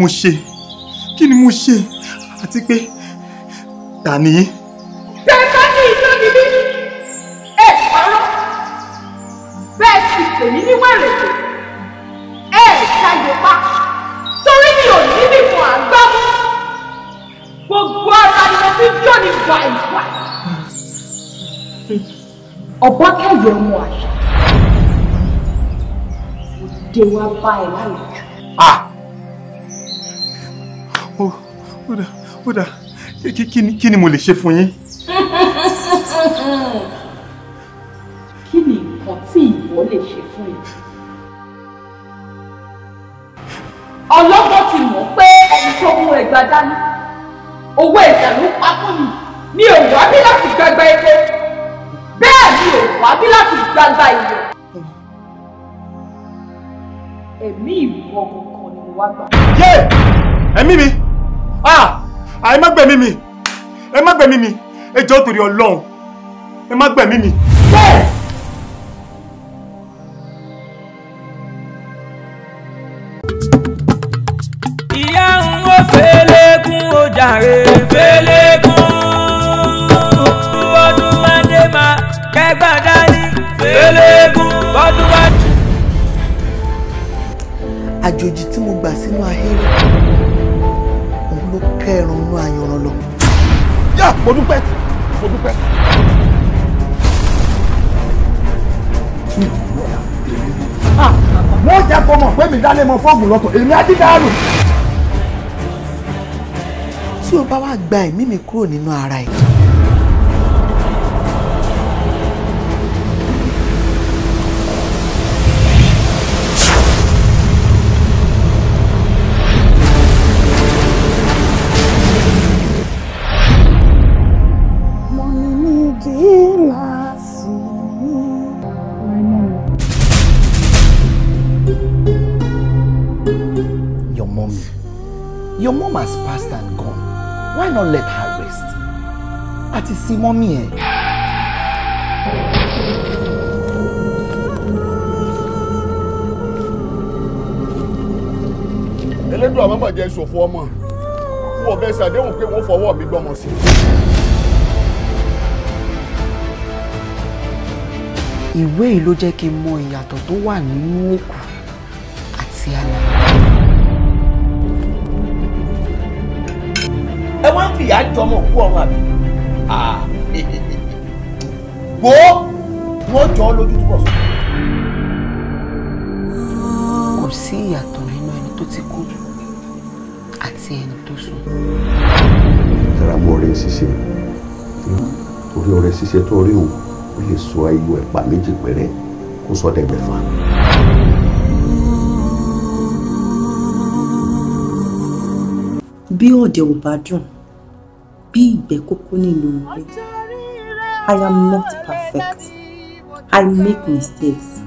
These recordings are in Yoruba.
mo ṣe kí ni mo ṣe àti pé ta ni. bẹ́ẹ̀ bá ní ìjọ mi bí ẹ ọ̀rọ̀ bẹ́ẹ̀ sì pè mí ní wẹ̀rẹ̀dẹ̀ ẹ ṣàyè pa torí mi ò ní bí mo àgbá mú gbogbo ara ni mo fi jó ni gbà ìgbà. ọ̀bọ̀n kẹ́yọ̀ ọmọ àṣà òde wa bá ẹ lálẹ́. ó dà ó dà kí ni mo lè ṣe fún yín. kí ni nǹkan tí ìwọ lè ṣe fún yín. ọlọ́gbọ́n ti mọ̀ pé ẹni tó mú ẹgbàá dání owó ẹ̀jà ló pa fún mi mi ò wá bí láti gbàgbà epo bẹ́ẹ̀ mi ò wá bí láti gbàgbà ìyẹn. ẹ̀mí ìwọ kankan ni mo wá gbà. ẹ̀mí mi. Ah! Ah, ẹ má gbẹ̀mí mi ẹ má gbẹ̀mí mi ẹ jọ̀ọ́ torí Ọlọ́run ẹ má gbẹ̀mí mi. bẹ́ẹ̀. ìyá ń wo fẹ́lẹ́kùn ó jàre fẹ́lẹ́kùn bọ́dún máa dé máa kẹ́gbà dání fẹ́lẹ́kùn bọ́dún wá. àjòjì tí mo gbà sínú ahéré kẹrùn inú lọ. yá mo dúpẹ́ mo dúpẹ́. wọ́n ah, jẹ́ kó mọ̀ pé mi dálé mọ fọ́ọ̀mù lọ́tọ̀ èmi á dídá rù. tí o bá wá gba ẹ̀mí mi kúrò nínú ara ẹ̀. sí mọ́mì ẹ̀. elédùn àwọn àmàjẹ ìṣòfò ọmọ wọn bẹ ṣàdéhùn pé wọn fọwọ́ mi gbọ́mọ sí. ìwé yìí ló jẹ́ kí n mọ ìyàtọ̀ tó wà nínú òkú àti àlá. ẹ wá ń fìyà jọmọ òkú ọmọ àbí. wo wọ́n jọ ọ́ lójú túbọ̀ sọ. kò sí ìyàtọ̀ nínú ẹni tó ti kú àti ẹni tó sùn. tara mọ ọrẹ ṣíṣe torí ọrẹ ṣíṣe tó rí òun ó lè sọ ayọ̀ ẹ̀pà méjì péré kó sọ dẹgbẹ̀fà. bí ọ̀dẹ̀ ò bá dùn bí ìgbẹ́ kókó nínú rẹ̀. I am not perfect. I make mistakes.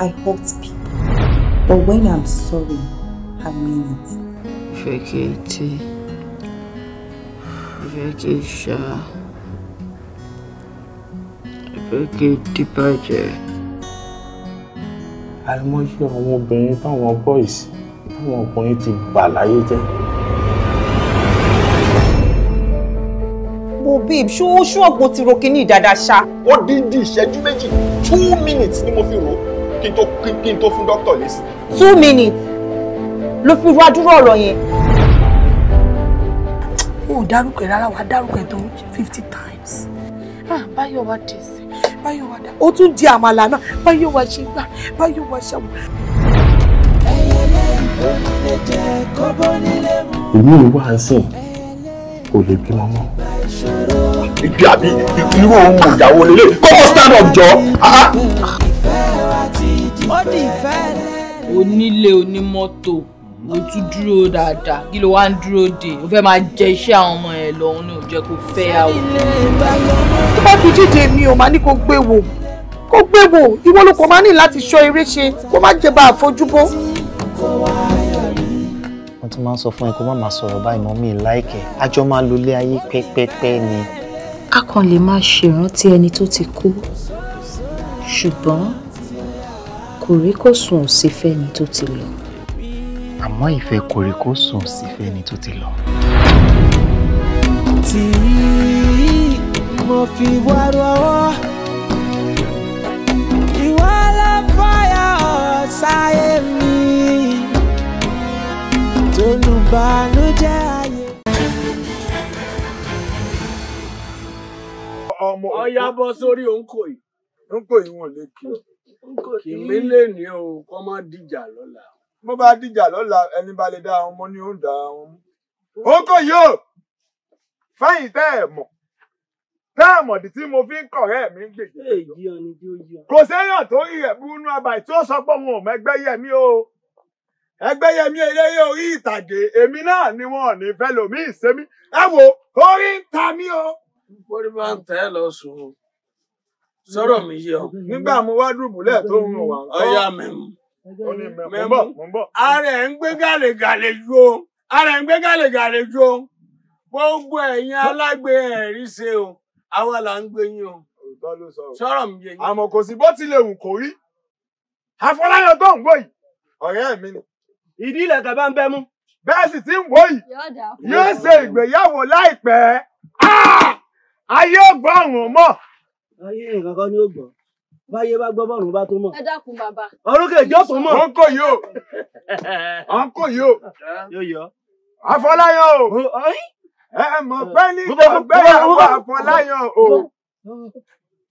I hurt people. But when I'm sorry, I mean it. Vekete. Vekesha. Vekete bàjẹ́. Àìmọye àwọn obìnrin táwọn boys táwọn ọkùnrin ti bà láyé jẹ́. babe ṣó ṣó ọ̀pọ̀ ti ro kíní dáadáa ṣá. ó dín dín ìṣẹ́jú méjì two minutes ni mo fi rò ó kí n tó kí n tó fún dókítà lésì. two minutes ló fi ro adúrò ọ̀rọ̀ yẹn. wọn ò dárúkọ ẹ rárá wàá dárúkọ ẹ tó fifty times. ah báyọ̀ wá dé sí báyọ̀ wá dá ó tún di àmàlà náà báyọ̀ wá ṣe gbà báyọ̀ wá ṣàwọ̀. èmi ò wá sí o lè bímọ mọ́. ibi àbí irú òun ìyàwó lélẹ̀ kọ́kọ́ stand up jọ. onílé ah, ah. onímọ́tò o tún dúró dáadáa kí ló wá ń dúró dè o fẹ́ máa jẹ iṣẹ́ àwọn ọmọ ẹ̀ lọ́hún ni ò jẹ́ kó fẹ́ àwọn. tó bá tún jíjẹ mi ò máa ní kó gbé wò kó gbé wò ìwọ ló kò máa ní láti ṣọ́ eré ṣe kó má jẹ bá tí máa ń sọ fún ẹ kó má máa sọ̀rọ̀ báyìí mọ́ mi láìkẹ́ àjọ máa lo ilé ayé pẹ́pẹ́pẹ́ ni. a kàn lè máa ṣèrántí ẹni tó ti kú ṣùgbọ́n kò rí kó sùn sí fẹ́ni tó ti lọ. àmọ́ ìfẹ́ kò rí kó sùn sí fẹ́ni tó ti lọ. tí mo fi wá rọwọ́ ìwọ́lẹ̀ fọyà ọ̀sáyé mi tolùbànújẹ́ ayé. ọmọ ọyá bọ́ sórí òǹkò yìí. òǹkò yìí wọn lè kí. kìmí lè ní o kọ́ má dìjà lọ́la. bó bá dìjà lọ́la ẹni bá lè dá àwọn ọmọ ní òǹdà àwọn mú. òǹkò yìí o fẹ́yìn tẹ́ ẹ̀ mọ̀ tẹ́ ẹ̀ mọ̀dí tí mo fi ń kọ̀rẹ́ mi ń gbèjì. kò séèyàn tó rí rẹ̀ bú abàyè tí ó sọ pé òun ò mẹ́gbẹ́ yẹ̀ mí o. ẹgbẹ́yẹmí eléyé orí ìtàgé èmi náà ni wọn ní fẹ́ lòmí ẹ wo orí ń o. bórí máa ń lọ sùn mi ọ. nígbà mo tó ń wà. ọyá mẹ́mu. bọ̀ ara ń gbé gàlégàlé gbogbo ẹ̀yin o àwa là ń gbé o. mi yín. kò sí bó tilẹ̀ wù rí. tó ń ìdí ilẹ̀kẹ̀ bá ń bẹ́ mú. bẹ́ẹ̀ sì ti ń wò yìí yóò ṣe ìgbéyàwó láìpẹ́ ah! ayé ògbọ́ ọ̀run mọ̀. ayé nǹkan kan ni ó gbọ́ báyé bá gbọ́ bọ́ọ̀rùn bá tó mọ̀. ẹ dákun bàbá. orókè ìjọ tó mọ̀. ọ̀n kò yóò ọ̀n kò yóò. yóò yọ. Afọláyàn o ẹ mọ̀ pé nígbà gbẹ́yàwó Afọláyàn o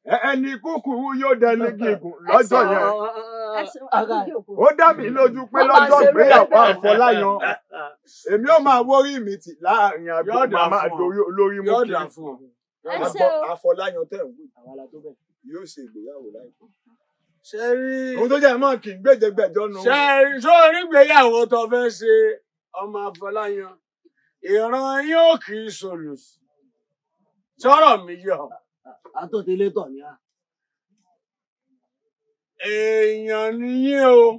ẹni kúkúrú yóò dẹni gígùn lọ́jọ́ yẹn ó dá mi lójú pé lọ́jọ́ ìgbéyàwó àfọláyan èmi ò máa wórí mi tì láàrin àbí màá máa lórí mú kí àfọláyan tẹ̀ ń wí yóò ṣe ìgbéyàwó láìpẹ́ ṣe rí ohun tó jẹ́ mọ́ kì í gbèjègbèjọ́ nu. ṣe rí tó onígbéyàwó tó fẹ́ ṣe ọmọ àfọláyan ìran yóò kì í sọlù sọ̀rọ̀ mi yọ̀ àtọ̀tẹ̀lẹ́tọ̀ ni a. èèyàn nìyẹn o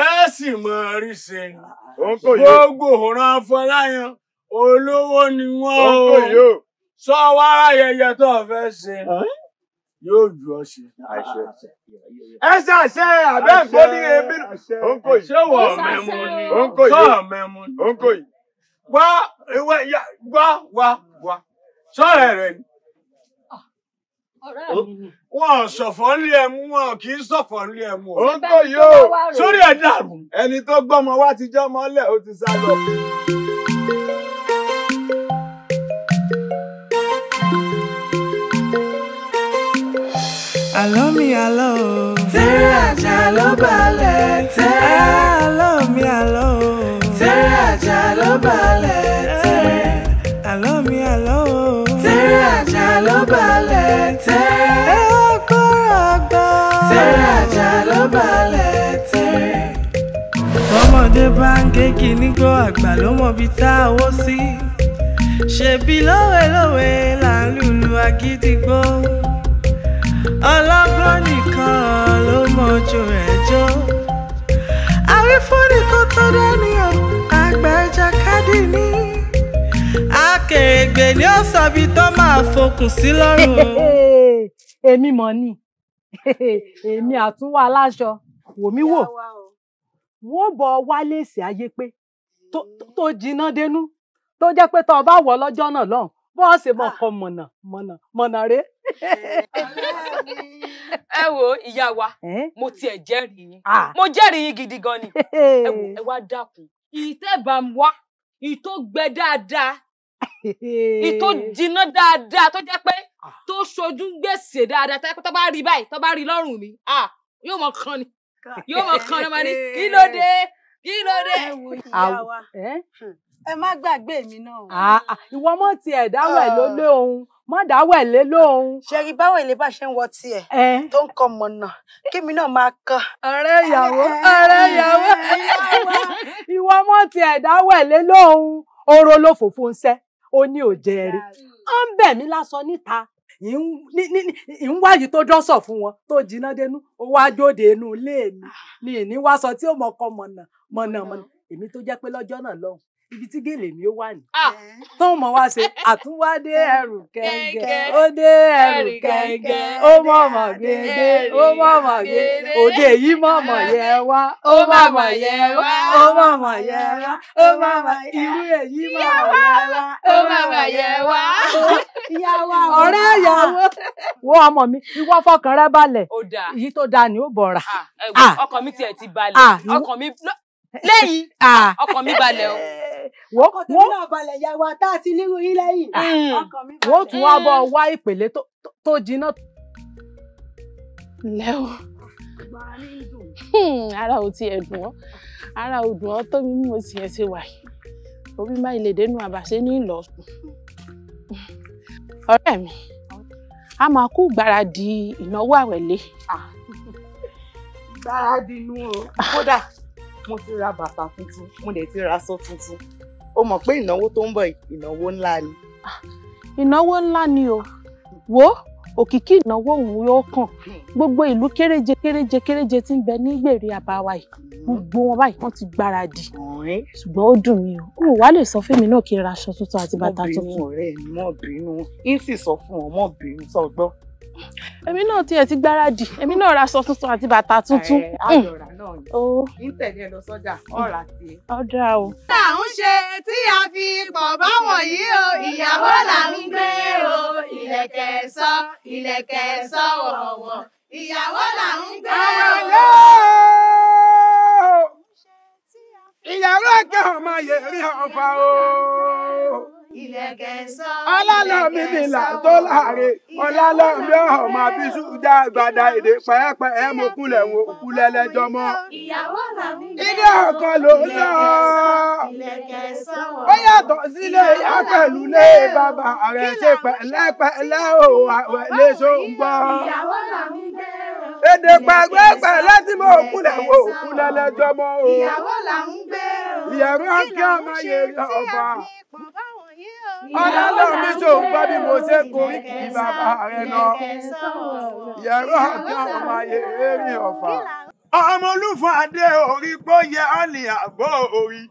ẹ sì mọ rí ṣe gbogbo òran afọláyan olówó ni wọn o sọ wàrà ayẹyẹ tó fẹ́ ṣe yóò ju ọ ṣe. ẹ ṣàṣẹ àbẹ́ ìfọ́nì ẹbí ṣé wọ mẹ́mu ni sọ mẹ́mu ni. wá Wa wá wá sọ́ọ̀rẹ́ ah, rẹ oh. ni. Wọ́n ṣọ̀fọ̀ ńlé ẹmu wọn kì í ṣọ̀fọ̀ ńlé ẹmu. Ó ń tó yóò sórí ẹ̀ dàrú. Ẹni tó gbọ́mọ wá ti jọ́mọ lẹ̀ ó ti sá lọ. Àlọ́ mi àlọ́ o. Tẹ́rẹ́ àjà ló balẹ̀ tẹ́. Àlọ́ mi àlọ́ o. Tẹ́rẹ́ àjà ló balẹ̀. ọmọdé bá ń gé kíní gbọ́ àgbà ló mọ̀ bí tá a wó sí ṣèbí lówelówe là ń lùlù agídígbò ọlọ́gbọ́n nìkan ló mọ̀jú rẹ̀ jó àwífúnni kò tó dání o àgbà ìjàkadì ni akèrègbè ni ó sọbi tó máa fokùn sí lọ́rùn o. èmi mọ̀ ni èmi àtúnwá aláṣọ wò mí wò wọ́n bọ̀ wá léèsì ayé pé tó hmm. jiná dénú tó jẹ́ pé tó o bá wọ̀ lọ́jọ́ náà lọ́hùn bó o ṣe mọ̀ ah. kọ́ mọ̀nà mọ̀nà mọ̀nà eh, ẹ wo ìyá wa mo tiẹ̀ jẹ́rìí yín ah. mo jẹ́rìí yín gidi gan ni ẹ wá dákun ìtẹ́bàm wá ìtó gbẹ dáadáa ìtó jiná dáadáa tó jẹ́ pé ah. tó ṣojú gbèsè dáadáa tó bá rí báyìí tó bá rí lọ́rùn mi yóò mọ̀ kan ni yóò mọ̀ kan ọmọ ní kí ló dé kí ló dé. ẹ wo ìyá wa hmm. ẹ má gbàgbé mi náà. Ah, ah, ìwọ mọ ti ẹ dáwọ ẹ ló lé òun ah. má dáwọ ẹ lé lóhun. ṣẹ̀rí báwo ilé bá ṣe ń wọ tiẹ̀ tó ń kọ mọ̀nà kémi náà máa kọ. ọ̀rẹ́ ìyàwó ọ̀rẹ́ ìyàwó. ìwọ mọ ti ẹ dáwọ ẹ lé lóhun oró ló fòfo ń sẹ ó ní òjẹ rí ó ń bẹ̀ mí lásán níta ń tó dọ́sọ̀ fún wọn tó jiná dénú ó wá jóde inú ilé mi ni ìní sọ tí ó mọ̀ọ́kọ mọ̀nà mọ̀nà mọ̀nà ah. èmi tó jẹ́ pé lọ́jọ́ náà lọ́hùn ibi tí gèlè mi ó wà ní. tó ń mọ wá ṣe àtúnwá dé ẹrù kẹ̀ǹgẹ̀ ó dé ẹrù kẹ̀ǹgẹ̀ ó mọ̀ mọ̀ gbèdé ó mọ̀ mọ̀ gbèdé òde yìí mọ̀ mọ̀ yẹ wá ó mọ̀ mọ̀ yẹ wá ó mọ̀ mọ̀ yẹ wá ó mọ̀ mọ̀ irú èyí mọ̀ mọ̀ yẹ wá ó mọ̀ mọ̀ yẹ wá. ọ̀rẹ́ ẹ̀yà wo ọmọ mi ìwọ fọkàn rẹ balẹ̀ èyí tó dáa ni ó bọ̀ra. ọkàn mi tiẹ̀ ti balẹ̀ ọkàn mi lẹ́yìn ọkàn mi balẹ̀ o. ọkàn tèmi náà balẹ̀ ya wa tá a ti nírú yín lẹ́yìn ọkàn mi balẹ̀. wọ́n tún wá bọ́ wá ìpèlè tó jiná. ǹlẹ́ o hmm, ara ò tiẹ̀ dùn ọ́ ara ò dùn ọ́ tó mi mú o tiẹ̀ ṣe wà yìí òbí má ilé dénú àbàṣe ní ìlọsùn. ọ̀rẹ́ mi a máa kú gbáradì ìnáwó àwẹ̀lé. gbáradì nu o kódà mo ti ra bàtà tuntun mo dẹ̀ ti ra aṣọ tuntun o mọ̀ pé ìnáwó tó ń bọ̀ ìnáwó ńlá ni. ìnáwó ńlá ni o wo òkìkí ìnáwó òun yóò kàn hmm. gbogbo ìlú kéréje kéréje kéréje tí ń bẹ ní gbèrè àbáwá yìí gbogbo wọn báyìí wọn ti gbáradì ṣùgbọ́n ó dùn mí o ó wàá lè sọ fún mi náà kí n ra aṣọ tuntun àti bàtà tuntun. mo bínú ọ̀rẹ́ mi mọ̀ bínú ń sì sọ fún ọ mọ̀ bínú sọ gbọ́ èmi náà tiẹ̀ ti gbáradì èmi náà ra aṣọ tuntun àti bàtà tuntun. àdọ̀rà náà ni ń oh. tẹ̀lé ẹ lọ sọ́jà ọ̀rà tiẹ̀. ọ̀dà o. là ń ṣe tí a fi pọ̀ báwọn yìí o ìyàwó là ń gbé o ìlẹ̀kẹ̀ sọ ìlẹ̀kẹ̀ sọ wọ̀wọ̀ ìyàwó là ń gbé o. ìyàwó kẹ́ ọmọ yẹ̀rí ọ̀fà o ọlọ́lọ́mí mi là tó láre ọlọ́lọ́mí ọmọ abisu dá gbada èdè pẹ́ẹ́pẹ́ ẹ̀ mo kúnlẹ̀ wo òkú lẹ́lẹ́jọ́ mọ́. ilé ọkọ ló ń lọ. ó yàtọ̀ sílé ìyá pẹ̀lú lé bàbá rẹ̀ ṣe pẹ̀lẹ́pẹ̀lẹ́ o àwẹ̀ léṣo ń gbọ́. èdè pẹ̀gbẹ́pẹ̀ láti mọ òkú lẹ̀ wo òkú lẹ́lẹ́jọ́ mọ́ o. ìyàwó là ń gbé o. ìyàwó kí ọmọ yẹn ọba. Ọlọ́run mi ṣòun gbọ́ bí mo ṣe koríkì bàbá rẹ̀ lọ. Yẹ̀rọ àjọ ọmọ ayé rí ọ̀fà. Ọmọ olúfọ adé orí pó yẹ ọ̀lì àbọ̀ orí.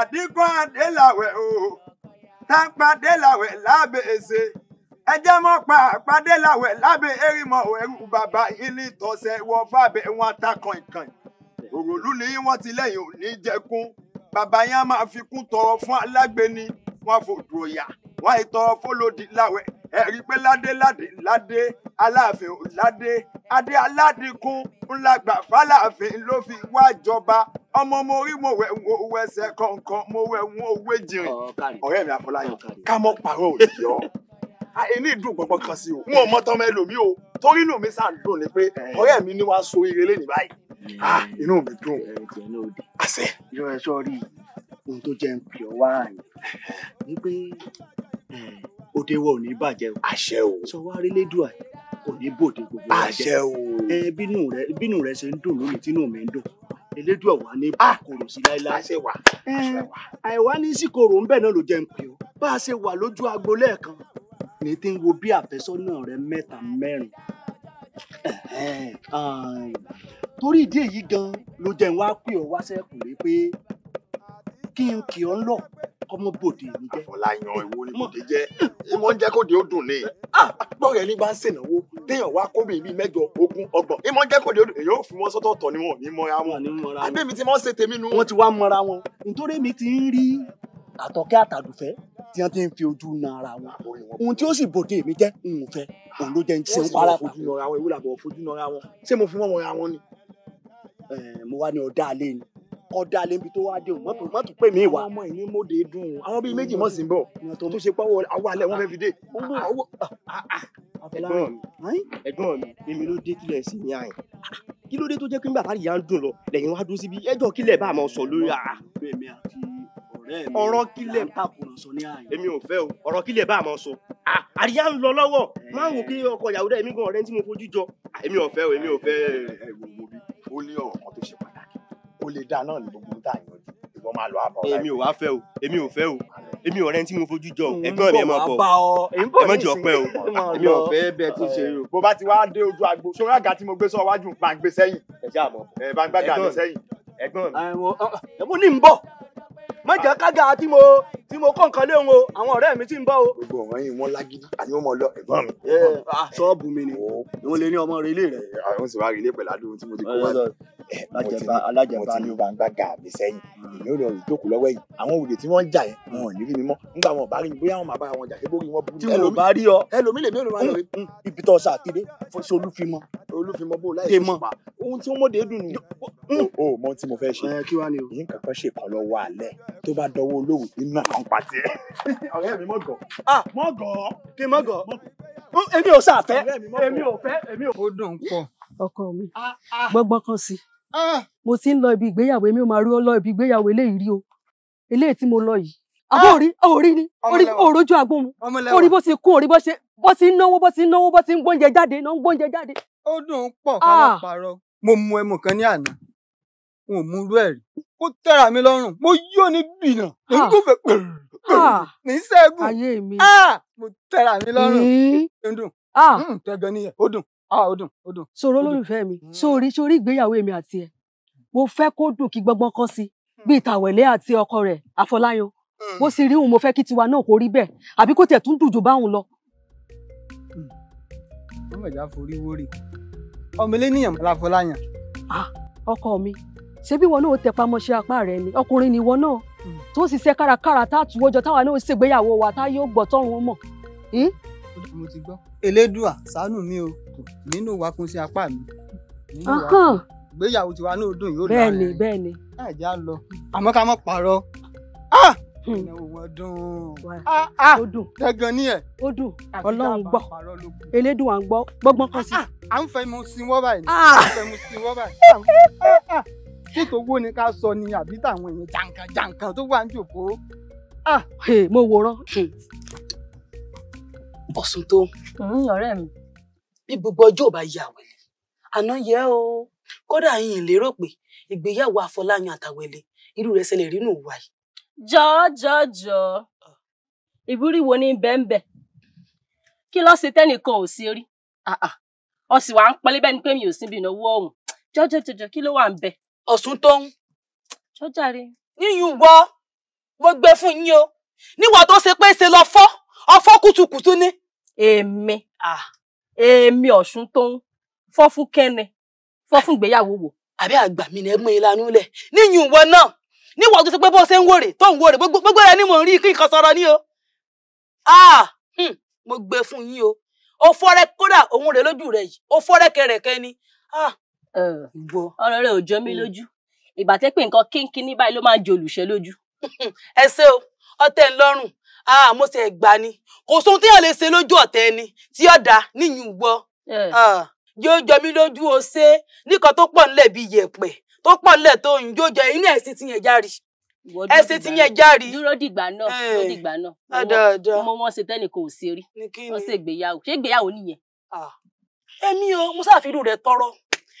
Àdínkù Adélàwẹ̀ o, tápá Adélàwẹ̀ lábẹ́ èsè. Ẹjẹ́ mọ́ pa àpádélàwẹ̀ lábẹ́ erimọ̀ ẹrú bàbá ilé ìtọ́sẹ̀ wọ fàbẹ̀ wọn atakàn ìkàn. Òròlú ni wọ́n ti lẹ́yìn òní jẹkún. Bàbá yẹn máa fi kún tọrọ fún alágbèni wọ́n fòdù ọ̀yà wọ́n ìtọ́ fọlọ́dì láwẹ̀ ẹ̀rí pé ládé ládé ládé aláàfin ládé adé aládìkún ńlá fàlàfin ló fi wá jọba ọmọ mo rí mo wẹ̀ wo wẹsẹ̀ kọ̀ọ̀kan mo wẹ̀ wọ́n owó jìnrìn ọ̀rẹ́ mi àfọláyàn ká mọ́ pàrọ̀ òdì ọ́ inú ìdùn gbọ̀ngbọ̀n kan sí o wọn ò mọ tọmọ ẹlòmíì o torí inú mi sáà dùn ni pé ọ̀rẹ́ mi ni wàá so ire lẹ́yìn báyìí ah, inú mi dùn àṣẹ. yọ ẹ sọ rí i ohun tó jẹ́ ń pè ọ́ wá àyè wípé òde wa ò ní bàjẹ́ o. àṣẹ o. sọ wá rí lédùá kò ní bòde gbogbo rẹ jẹ. àṣẹ o. ẹ bínú rẹ bínú rẹ ṣe ń dùn lónìí tínú mi ń dùn elédùá wà ní ah! kòrò sí láéláé. àṣẹ wà. àìwá ní sí kòrò ń náà ló jẹ́ ń pè ọ́ bá a ṣe wà lójú agbo lẹ́ẹ̀kan ní tí ń wo bí àfẹ́sọ́nà rẹ mẹ́ta mẹ́rin torí ìdí èyí gan ló jẹ́ ń wá pè ọ́ wá sẹ́kùn rí pé kí n kì ọ́ ń lọ ọmọ bòde mi jẹ. àfọláyàn ìwo ni bòde jẹ ìwọ ń jẹ kó de ó dùn ni. Ah, bọ́ọ̀rẹ̀ ẹni bá ń ṣènáwó téèyàn wá kó bíi mẹ́jọ ogún ọgbọ̀n ìmọ̀ ń jẹ́ kó de ó dùn èyí ó fi wọn sọ́tọ̀ tọ̀ ni wọn ò ní mọra wọn. àbẹ́mi ti máa ń ṣe tèmi nu. wọ́n ti wá mọra wọn nítorí mi ti ń rí àtọ̀kẹ́ àtàdùfẹ́ tí wọ́n ti ń fi ojú na ara wọn ohun tí ó sì bòde mi jẹ́ n òun ló jẹ́ ń ṣe ń para kọ́ da lébi tó wá dé o mọ́tò mọ́tò pè mí wá. ọmọ ìní mo dé dùn o àwọn bíi méjì mọ̀ sí ń bọ̀ tó ṣe pọ́wọ́ awọ alẹ́ wọn fẹ́ fi dé. Ah, ah, ah. ẹ̀gbọ́n mi mi èmi ló dé kílẹ̀ sí ní àyìn kí ló dé tó jẹ́ pé bàbá yìí á ń dùn lọ lẹ́yìn wá dún síbi ẹjọ́ kílẹ̀ bá a máa sọ lórí àá. ọ̀rọ̀ kílẹ̀ èmi ò fẹ́ o ọ̀rọ̀ kílẹ̀ bá a máa sọ àríyá ń lọ lọ́wọ́ máa ń wò kí ọkọ ìyàwó rẹ̀ mi gan ọ̀rẹ́ tí mo fojú jọ èmi ò fẹ́ o èmi ò fẹ́. ẹ ẹ wo wo mi ó ní ọ̀rọ̀ kan tó ṣe pàtàkì kó lè dá náà lóògùn tá a yanjú ìwọ máa lọ àbọ̀ rẹ. èmi ò wá fẹ́ o èmi ò fẹ́ o èmi ò rẹ́ tí mo fojú jọ ẹ̀gbọ́n mi ẹ̀ máa bọ̀ ẹ̀ mọ̀ jọ pẹ́ o èmi ò fẹ́ bẹ́ẹ̀ tí ń ṣe o. bó bá ti wá dé ojú agbo sórí àga tí mo gbé sọ wájú bá ń gbé sẹ́yìn ẹ̀ bá ń gbàgà mi sẹ́yìn ẹ̀gbọ́n mi. ẹ̀ mo ní ń bọ̀ mọ̀jà kága tí mo tí mo kọ́ nǹkan lé òun o àwọn ọ̀rẹ́ mi ti ń bọ̀ o. gbogbo ọ̀rọ̀ yìí wọ́n lágídí àní wọ́n mọ lọ ẹ̀gbọ́n mi. Eh, ah, ṣọ́ọ̀bù mi ni wọ́n lè ní ọmọ rẹ ilé rẹ̀. àwọn sì wá rí ilé pẹ̀lú adúrú tí mo ti kó wá. alájẹba eh, alájẹba ni ó bá ń gbá ga mi sẹ́yìn hmm. èmi ò lọ rí ìjókòó lọ́wọ́ yìí àwọn òde tí wọ́n ń jà yẹn wọn ò ní rí mi mọ́ nígbà wọn bá rí mi bóyá wọn máa bá wọn jà débórí wọn burú. tí mo bá rí ọ ẹlòmí lèmi ò lè máa lọ rí. Hmm, hmm. ibi tó ṣáà kéde solúfimọ. olúfimọ bó láì sí pa ohun tí ó mọ̀ dé dùn nù. o mọ tí mo fẹ́ ṣe. Eh, kí wàá ni o. yín kankan ṣèkàn lọ wọ alẹ́ tó bá dọwọ́ olówó iná kan pàtì ẹ. ọ̀rẹ́ mi mọ̀ gọ̀. mọ̀ gọ̀. kí n mọ̀ gọ̀. èmi ò sàfẹ́ èmi ò fẹ́ èmi ò. ó dùn pọ̀. ọkọ mi gbọ́gbọ́n kan sí i mo ti ń lọ ibi ìgbéyàwó èmi ò máa rí ọ lọ ibi ìgbéyàwó eléyìí rí o eléyìí tí mo lọ yìí àbó orí orí ni orí òrojú agbóhun orí bó ti kún orí bó ṣe bó ti ń náwó bó ti ń náwó bó ti ń gbóúnjẹ jáde náà ń gbóúnjẹ jáde. ó dùn pọ̀ ká lọ mo mu ẹmu kan ní àná n ò mú irú ẹ̀ rí ó tẹ́ra mi lọ́rùn mo yó ní bìnà mo ń gbọ́fẹ̀ pẹ̀rù ní sẹ́gun mo tẹ́ra mi lọ́rùn ó dùn hmm, tẹ́gàn níyẹn ó dùn ó dùn ó dùn. sọ̀rọ̀ olólùfẹ́ mi sórí hmm. sórí ìgbéyàwó èmi àti ẹ̀ mo fẹ́ kó dùn kí gbọ́ngbọ́n kọ́ sí hmm. bíi tàwẹ̀lẹ́ àti ọkọ rẹ̀ àfọláyan bó sì rí òun mo fẹ́ kí tiwa náà kó rí bẹ́ẹ̀ àbí kó tẹ̀ tún dùn jù báwọn lọ. ọmọ ìjà forí wórì ọmọ ilé níyàn láfọláyàn. Ah! ọkọ mi ṣebí wọn náà tẹpa mọ́ṣẹ́ apá rẹ ni ọkùnrin ni wọn náà hmm. tó sì ṣe kárakára tá a tù wọ́jọ táwa náà ṣègbéyàwó wa tá yóò gbọ́ tọ́run ó mọ̀. Hmm? elédùà ṣàánú mi o nínú wa kún sí apá mi nínú wa ìgbéyàwó tiwa náà dùn yóò lára rẹ bẹ́ẹ̀ni bẹ́ẹ̀ni. àìjá lọ àmọ́ ká mọ̀ pààrọ̀ ìnáwó hmm. wọn dùn ó dùn gẹ́gẹ́ ní ẹ̀ ó dùn ọlọ́run gbọ́ elédùn à ń gbọ́ gbọ́gbọ́n kan sí. à ń fẹ́ mu sinwọ́ báyìí à ń fẹ́ mu sinwọ́ báyìí. fótó ni ká sọ ni àbí táwọn èèyàn janka tó wà ń jòkó. mo wòrán ọ̀sùn tó. ọ̀rẹ́ mi. bí gbogbo ọjọ́ ò bá yà àná yẹ o kódà lérò pé ìgbéyàwó àfọláyàn àtàwẹ̀lẹ̀ irú rẹ̀ ṣẹlẹ̀ rínú wa yìí. jọjọjọ wo ni kí ṣe tẹ́nìkan ò sí rí ah, ah. ọ sì wá ń pé mi ò wà ń ọ̀sùn tó ń. sọ́jàre. yíyún wọ mo gbé fún yín o níwọ̀n tó ṣe pé ṣe lọ fọ́ ọfọ́ kùtùkùtù ni. èmi èmi ọ̀sùn tó ń fọ́ fún kẹ́ni fọ́ fún ìgbéyàwó wò. àbí àgbà mi ni ẹ mú ìlànà lẹ níyún wọ náà níwọ̀n tó ṣe pé bó ṣe ń wòrè tó ń wòrè gbogbo rẹ ni mò ń rí kí nǹkan sọ̀rọ̀ ni o. Hmm. mo gbé fún yín o ó fọ́rẹ́ kódà òun rẹ̀ lójú rẹ̀ yìí ó fọ́rẹ́ kẹrẹ̀kẹ́ ni ọ̀rọ̀ rẹ̀ ò jọ mí hmm. lójú ìgbà tẹ́ pé nǹkan kínkínní báyìí ló máa ń jolùṣẹ́ lójú. ẹ ṣe o ọtẹ ńlọrùn ah, mo ṣe ẹgbà ni kò sóhun téèyàn lè ṣe lójú ọtẹ ni tí ọdà níyùn gbọ eh. ah, yóò jọ mí lójú o ṣe nìkan tó pọ̀ nílẹ̀ bíi yẹ̀pẹ̀ tó pọ̀ nílẹ̀ tó ń yóò jọ inú ẹ̀sìn ti yẹn járe ẹ̀sìn ti yẹn járe. dúró dìgbà náà eh. dúró dìgbà náà mo wọn ṣe tẹ́nì kò ṣe rí wọ́n ṣe ìgbéyàwó ṣé ìgbéyàwó nìyẹn. Ah. èmi o mo ṣàfihàn rẹ tọrọ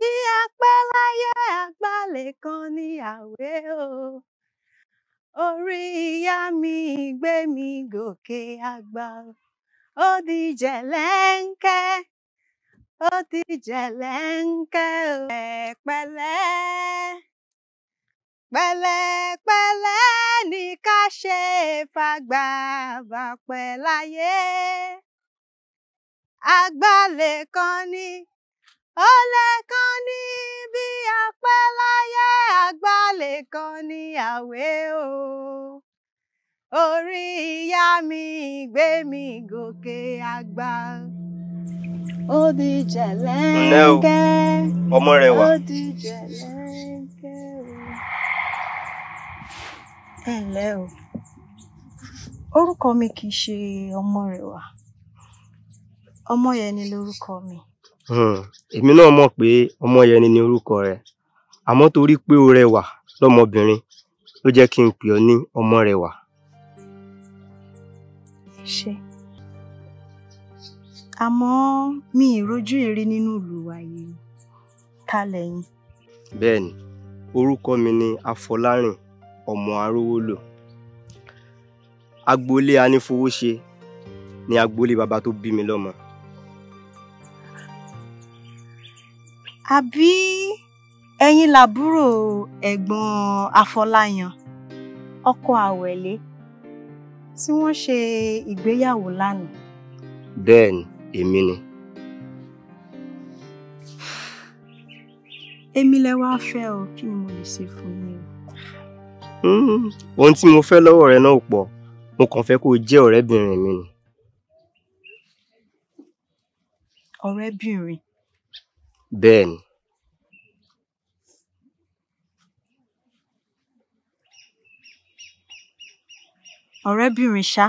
Bí a pẹ́ láyé àgbà lẹ̀kan ni àwé o. Orí ìyá mi gbé mi gòkè àgbà o. Ó di jẹ̀lẹ́ńkẹ́, ó di jẹ̀lẹ́ńkẹ́ o. Pẹ̀lẹ́pẹ̀lẹ́, pẹ̀lẹ́pẹ̀lẹ́ ni ká ṣe fàgbà bá pẹ́ láyé. Àgbà lẹ̀kan ni. Olè kan ní bí apẹ́ láyé, àgbálẹ̀ kan ní àwé o. Orí ìyá mi gbé mi gòkè àgbà. Ó di jẹ̀lẹ́ńkẹ́. Ọmọ rẹ wà. Ó di jẹ̀lẹ́ńkẹ́ Ẹ ǹlẹ́ o. Orúkọ mi kì í ṣe ọmọ rẹ wà. Ọmọ yẹn ni lórúkọ mi. Hmm. èmi náà mọ̀ pé ọmọyẹni ni orúkọ rẹ àmọ́ torí pé o rẹwà lọ́mọbìnrin ló jẹ́ kí n pè ọ́ ní ọmọrẹwà. ṣe àmọ́ mi ì rojú ère nínú ìlú wa yìí ká lẹ́yìn. bẹ́ẹ̀ ni orúkọ mi ni afọlárìn ọmọ arówólò agboolé anífowóṣe ni agboolé bàbá tó bí mi lọ́mọ. àbí ẹ̀yin làbúrò ẹ̀gbọ́n afọláyàn ọkọ àwẹ̀lé tí wọ́n ṣe ìgbéyàwó lánàá. bẹ́ẹ̀ ni èmi ni. èmi lẹ wá fẹ́ o kí ni mo lè ṣe fún yín o. Hmm, ohun tí mo fẹ́ lọ́wọ́ rẹ náà pọ̀ mo kàn fẹ́ kó o jẹ́ ọ̀rẹ́bìnrin mi ọ̀rẹ́bìnrin Ben. ọ̀rẹ́bìnrin ṣá.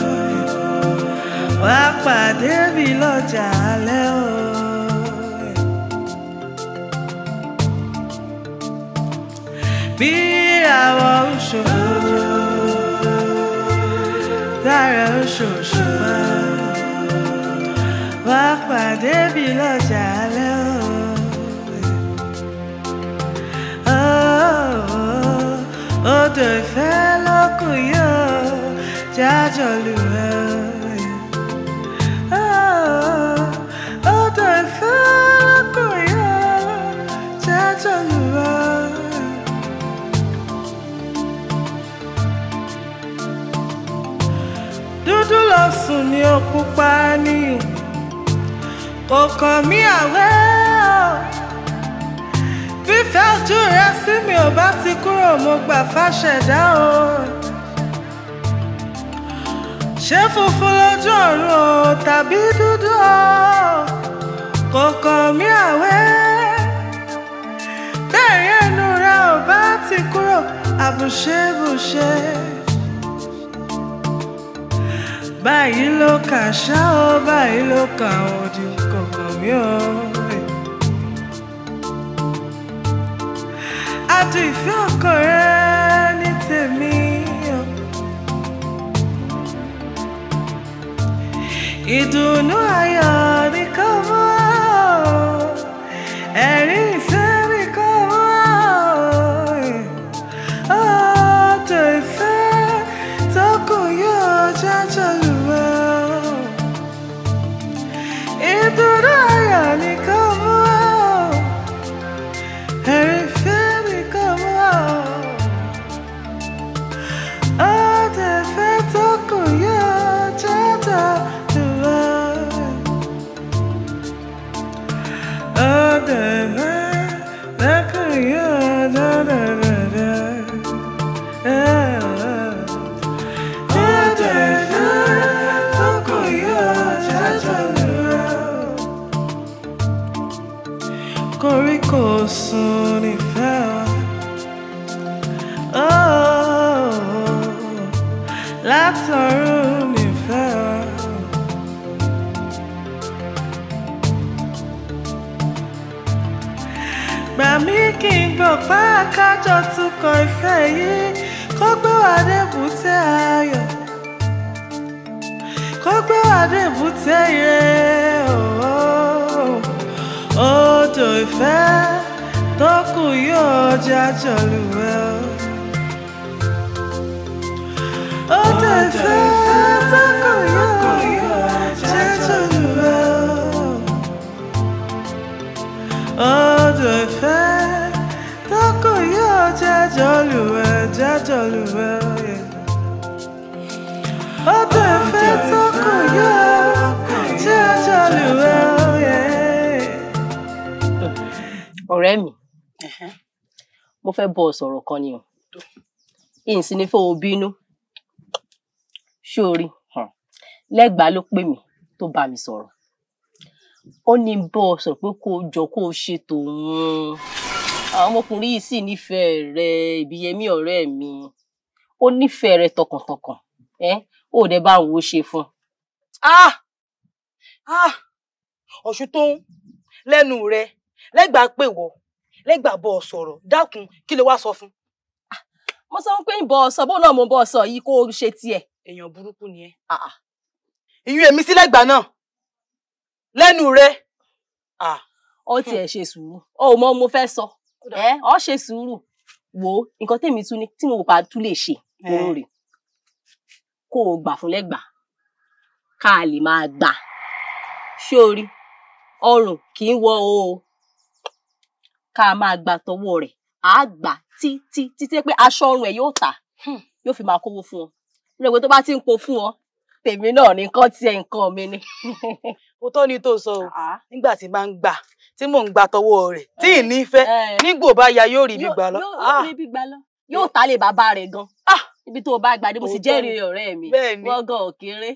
wá pàdé mi lọ́jà alẹ́ o. bí àwọ̀ òṣòro dára òṣòṣò wá pàdé mi lọ́jà alẹ́ o. Oh, oh, oh, odò ìfẹ́ lọ́kùn yóò jájọ lù ẹ́ o. kò mi mí àwẹ́ o fífẹ́ ojú rẹ sí mi ò bá ti kúrò mo gbà fàṣẹdá o ṣé funfun lójú ọ̀run o tàbí dúdú o kò kàn mí àwẹ́ bẹ́ẹ̀rẹ̀ ẹnu rẹ ò bá ti kúrò àbùṣebùṣe báyìí ló kà ṣá o báyìí ló kà o mi o. Adùn ìfẹ́ ọkàn rẹ ní tèmi o. Ìdùnnú ayọ̀. pé kájọ tukọ̀ ìfẹ́ yìí kó gbé wá débùté ayọ̀ kó gbé wá débùté ire odò ìfẹ́ tó kù yóò jájọ lùwẹ̀ odò ìfẹ́ tó kù yóò jẹ́jọ́lùwẹ̀ ọ̀rẹ́ mi mo fẹ́ bọ́ ọ sọ̀rọ̀ kan ni o ìyìnsí ni fún obínú sórí lẹ́gbàá ló pè mí tó bá mi sọ̀rọ̀ ó ní bọ́ sọ̀rọ̀ pé kó o jọ kó o ṣe tòun àwọn ọmọkùnrin yìí sì nífẹ̀ẹ́ rẹ ìbíyẹmí ọ̀rẹ́ mi ó nífẹ̀ẹ́ rẹ tọkàntọkàn ẹ ó dẹ bá wo ṣe fún un. Ah! Ah! ọ̀ṣun tó ń lẹ́nu rẹ lẹ́gbàá pè wọ́ lẹ́gbàá bọ́ ọ sọ̀rọ̀ dákun kí ló wá sọ fún. Ah! mo sọ pé ń bọ ọsọ bó náà mo bọ ọsọ yìí kó o ṣe tiẹ̀. èèyàn burúkú ni ẹ. ìyún èmi sí lẹ́gbàá náà lẹ́nu rẹ. ó tiẹ̀ ṣe sùúrù ó mọ mo fẹ́ sọ. So ẹ ọ ṣe sùúrù wo nǹkan tèmi tún ni tí mo pa tún lè ṣe òun rè kó o gbà fún lẹ́gbà ká a lè máa gbà ṣé o rí ọrùn kì í wọ o ká a máa gbà tọwọ́ rẹ̀ á gbà títí títí pé aṣọ ọrùn ẹ̀ yóò tà hmm. yóò fi máa kówó fún ọ rẹ̀ pé tó bá ti ń kó fún ọ tèmi náà ni kán tiẹ̀ nǹkan mi ni. òótọ́ ni tó sọ o ah, ah. nígbà tí máa ń gbà tí mò ń gba tọwọ́ rẹ̀ tí ì eh, ní fẹ́ eh. nígbò bá ya yóò rí ibi gbà lọ. Ah. yóò rí ibi gbà lọ yóò ta lè bàbá rẹ̀ gan ibi tó o bá gbàdé mo sì jẹ́rìí ọ̀rẹ́ mi wọ́gọ̀ òkèrè.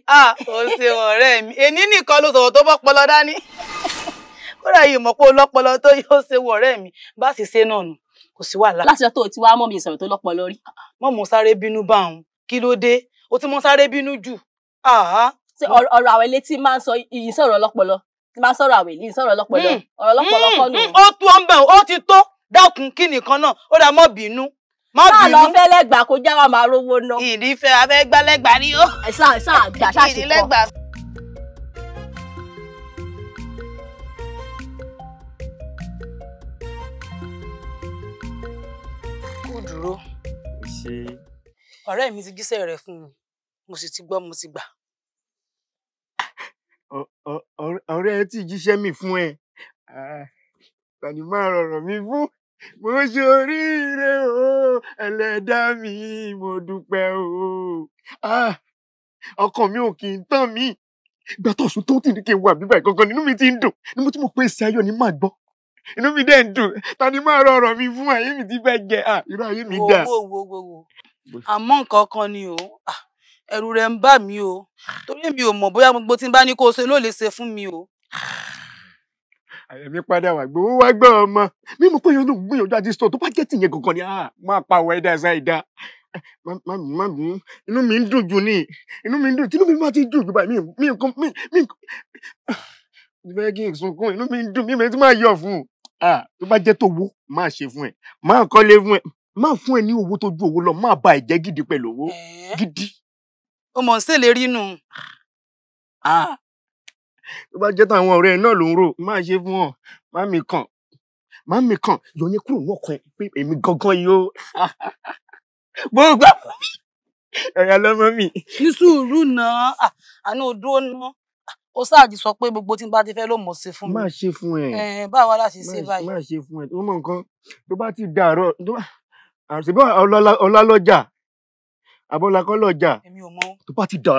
o ṣeun ọ̀rẹ́ mi èní nìkan ló sọ̀rọ̀ tó bọ́ pọlọ dání kódà yìí mọ̀ pé olọ́pọlọ tó yóò ṣeun ọ̀rẹ́ mi bá sì ṣe náà nù kò sí wàhálà. láti ọjọ́ tó o ti wá mọ́ mi ìsọ̀rọ̀ tó lọ́pọ̀ lórí. mọ́ mo sáré bínú bá òun kí ló dé o ti mọ sáré bínú jù ọ̀rọ̀ àwẹ̀ létí máa ń sọ ìyí sọ̀rọ̀ ọlọ́pọlọ tí máa ń sọ̀rọ̀ àwẹ̀ yìí sọ̀rọ̀ ọlọ́pọlọ hmm. ọ̀rọ̀ ọlọ́pọlọ kọ́ nù. Hmm, hmm, ó tó ń bẹ̀ ó ti tó dákun kí nìkan náà ó dá mọ́ bínú mọ́ bínú. báà lọ fẹ́ lẹ́gbàá kó já wa máa rówó ná. ìdífẹ́ abẹ́gbálẹ́gbàá ni ó. ẹ̀ sáà sáà gbà sáà ti kọ́. kú dúró. ṣé. ọ̀rẹ́ mi ti jíṣẹ́ rẹ̀ fún mi mo sì ti gbọ́ mo ti gbà. ọ̀rẹ́ ẹ tí jíṣẹ́ mi fún ẹ tani máa rọ̀rọ̀ mi fún mo ṣoríire o ẹlẹ́dá mi mo dúpẹ́ o ọkàn mi ò kì í tán mi ìgbà tó Ọ̀ṣun tó ní kí n wà bíbá ìgangan nínú mi ti ń dùn nínú tí mo pé ìsẹ́ ayọ̀ ni màá gbọ́ inú mi dẹ̀ ń dùn tani máa rọ̀rọ̀ mi fún ayé mi ti fẹ́ jẹ irú ayé mi dà. àmọ́ nǹkan kan ni o ẹ̀rù rẹ̀ ń bà mí o torí mi ò mọ̀ bóyá gbogbo tí n bá ní kó o ṣe ló lè ṣe fún mi o. àyẹ̀mí padà wà gbowó wá gbọ́ ọmọ mímú pé yóò gbìyànjú àti sọ tó bá jẹ́ tìyẹn gangan ni ah, máa pa àwọn ẹ̀dá ẹ̀sán ẹ̀dá mami mami inú mi ń dùn jù ní inú mi ń dùn tí máa ti dùn jù báyìí mi nǹkan mi mi nǹkan mi kí n sunkún inú mi ń dùn mi mi ti máa yọ̀ fún un ah, tó bá jẹ́ tòwó máa ṣe fún ẹ máa kọ́lé fún ẹ máa fún ẹ ní owó tó ju owó lọ máa ba ẹ gidi pẹ̀lú owó gidi ó mọ̀ ṣe lè rí nù. Ah! Ah! tó bá jẹ́ táwọn ọ̀rẹ́ náà ló ń rò máa ṣe fún ọ mami kan mami kan yọ yẹn kúrò náà kan pé èmi gangan yìí ó gbogbo ẹ̀yà lọ́mọ mi. ní sùúrù náà ah! àná odó náà ó sáàjì sọ pé gbogbo tí n bá ti fẹ́ ló mọ̀ ṣe fún mi. máa ṣe fún ẹ. báwa la ṣe ṣe báyìí. máa ṣe fún ẹ tó mọ nǹkan tó bá ti dàárọ̀ àṣìbí ọlá lọ́jà abọ́lá kọ́ lọ́jà tó bá ti da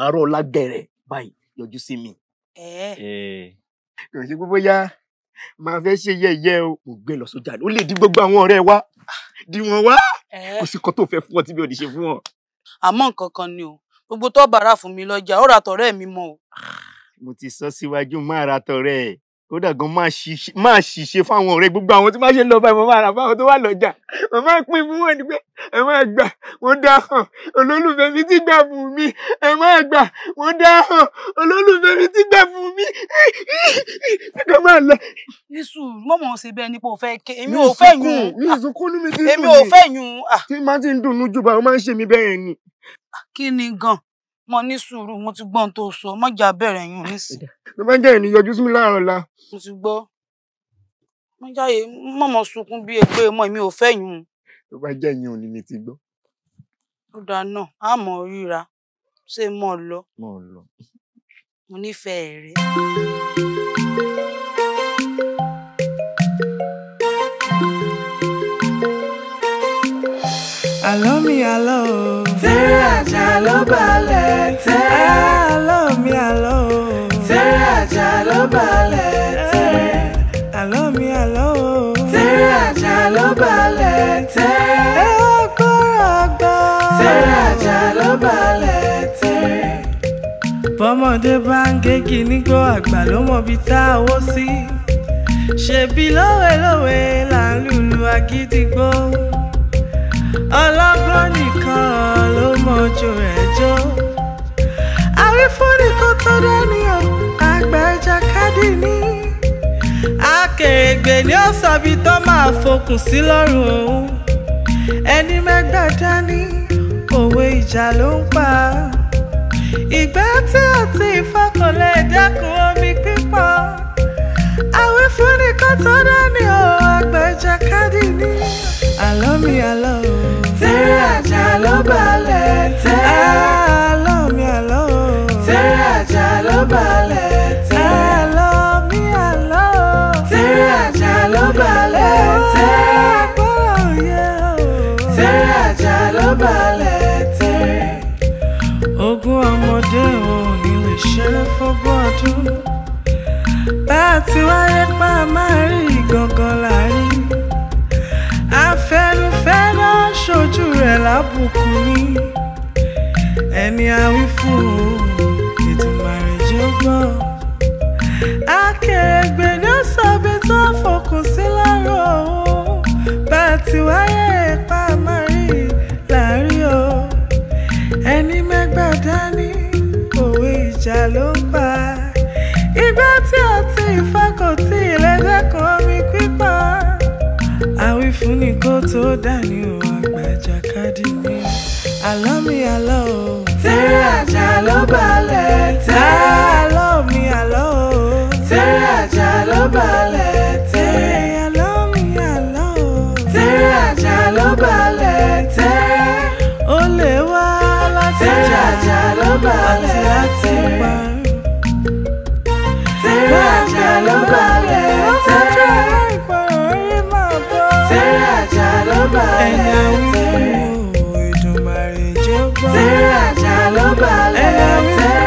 àárọ̀ ọ̀la gẹ̀rẹ̀ báyìí yọjú sí mi. Eh. kò sí pé bóyá máa fẹ́ ṣe yẹ̀yẹ́ o kò gbé lọ sójà ó lè di gbogbo àwọn ọ̀rẹ́ wa di wọn wá kò sí kan tó fẹ́ fún ọ tí mi ò ní ṣe fún ọ. àmọ́ nǹkan kan ni o gbogbo tó bàárà fún mi lọ́jà ó ra tọ̀rẹ́ mi mọ́ o. mo ti sọ síwájú má ra tọ̀rẹ́ ẹ̀ kódà gan máa ṣiṣẹ́ máa ṣiṣẹ́ fáwọn ọ̀rẹ́ gbogbo àwọn tí máa ṣe lọ báyìí mo máa rà fáwọn tó wà lọ́jà mo máa pín fún wọn ni pé ẹ máa gbà wọ́n dá hàn olólùfẹ́ mi ti gbà fún mi ẹ máa gbà wọ́n dá hàn olólùfẹ́ mi ti gbà fún mi ẹ̀ka máa lọ. yíṣu mọ́mọ́ ṣe bẹ́ẹ̀ ni pé o fẹ́ ké èmi ò fẹ́ yùn yíṣu kún ní mi ti dùn mí èmi ò fẹ́ yùn. tí máa ti ń dùnnú jù bá wọn máa ń ṣe mi bẹ́ẹ̀ ni. kí ni gan mo ní sùúrù mo ti gbọ́n tó sọ mo jà bẹ̀rẹ̀ yùn nísìn. ló bá jẹ́ ìní yọjú sí mi láàárọ̀ la. mo ti gbọ́ mo jáde mọ̀mọ́ sunkún bíi ègbé mọ́ mi ò fẹ́ yùn. ló bá jẹ́ ìyẹn òní ni ti gbọ́. ó dáa náà a mọ̀ ríra ṣé mọ̀ lọ. mọ̀ lọ. mo nífẹ̀ẹ́ rẹ. àlọ́ mi àlọ́ o. fẹ́rẹ̀ àjà ló balẹ̀ tẹ́rẹ́ àlọ́ mi àlọ́ o tẹ́rẹ́ àjà ló balẹ̀ tẹ́rẹ́ àlọ́ mi àlọ́ o tẹ́rẹ́ àjà ló balẹ̀ tẹ́rẹ́ ẹ ó kóra gbọ́ tẹ́rẹ́ àjà ló balẹ̀ tẹ́rẹ́. bọ́mọdé bá ń gé kínní gbọ́ àgbà ló mọ̀ bí tá a wó sí ṣebí lówelówe là ń lùlù agídígbò ọlọ́gbọ́n nìkan ló mọ̀jú rẹ̀ jó lórí kó tó dánìyàn àgbẹ̀jẹ̀ kádì ní. akèrègbè ni ó sọbi tó máa fokùn sí lọ́rùn òun ẹni mẹ́gbẹ́ dání òwe ìjà ló ń pa. ìgbà tí àti ìfọkànlẹ̀ ìdẹ́kun omi pípọ̀ àwífúnni kó tó dání o àgbẹ̀jẹ̀ kádì ní. àlọ́ mi àlọ́ o. tẹ́rẹ̀ àjà ló balẹ̀ tẹ́. àlọ́ mi àlọ́ o ló balẹ̀ tẹ́. àlọ́ mi àlọ́. tẹ́rẹ̀ àjà ló balẹ̀ tẹ́. tẹ́rẹ̀ àjà ló balẹ̀ tẹ́. ogún ọmọdé ò ní lè ṣe fọ́gbọ́n ọdún. bá a ti wáyé pa máa rí gangan la rí. afẹnufẹ́ra ṣojú rẹ̀ lábùkún ni ẹni àwí òun gbọ̀n akèrègbè ló sọ̀bi tó fòkùn sí lọ́rọ̀ o bá a ti wáyé ipa mari láàrin o ẹni mẹ́gbàá dání òwe ìjà ló ń bá igbá tí ọtí ìfakọ̀tì ìlẹ́gbẹ́ kan omi pípa àwífúnni kó tó dání o àgbàjàkadì ni àlọ́ mi àlọ́ o. tẹ́rẹ̀ àjà ló balẹ̀ tẹ́rẹ̀ àlọ́. tẹ́rẹ́ tẹ́rẹ́ àjà ló balẹ̀ tẹ́rẹ́ tẹ́rẹ́ àjà ló balẹ̀ tẹ́rẹ́ tẹ́rẹ́ àjà ló balẹ̀ tẹ́rẹ́.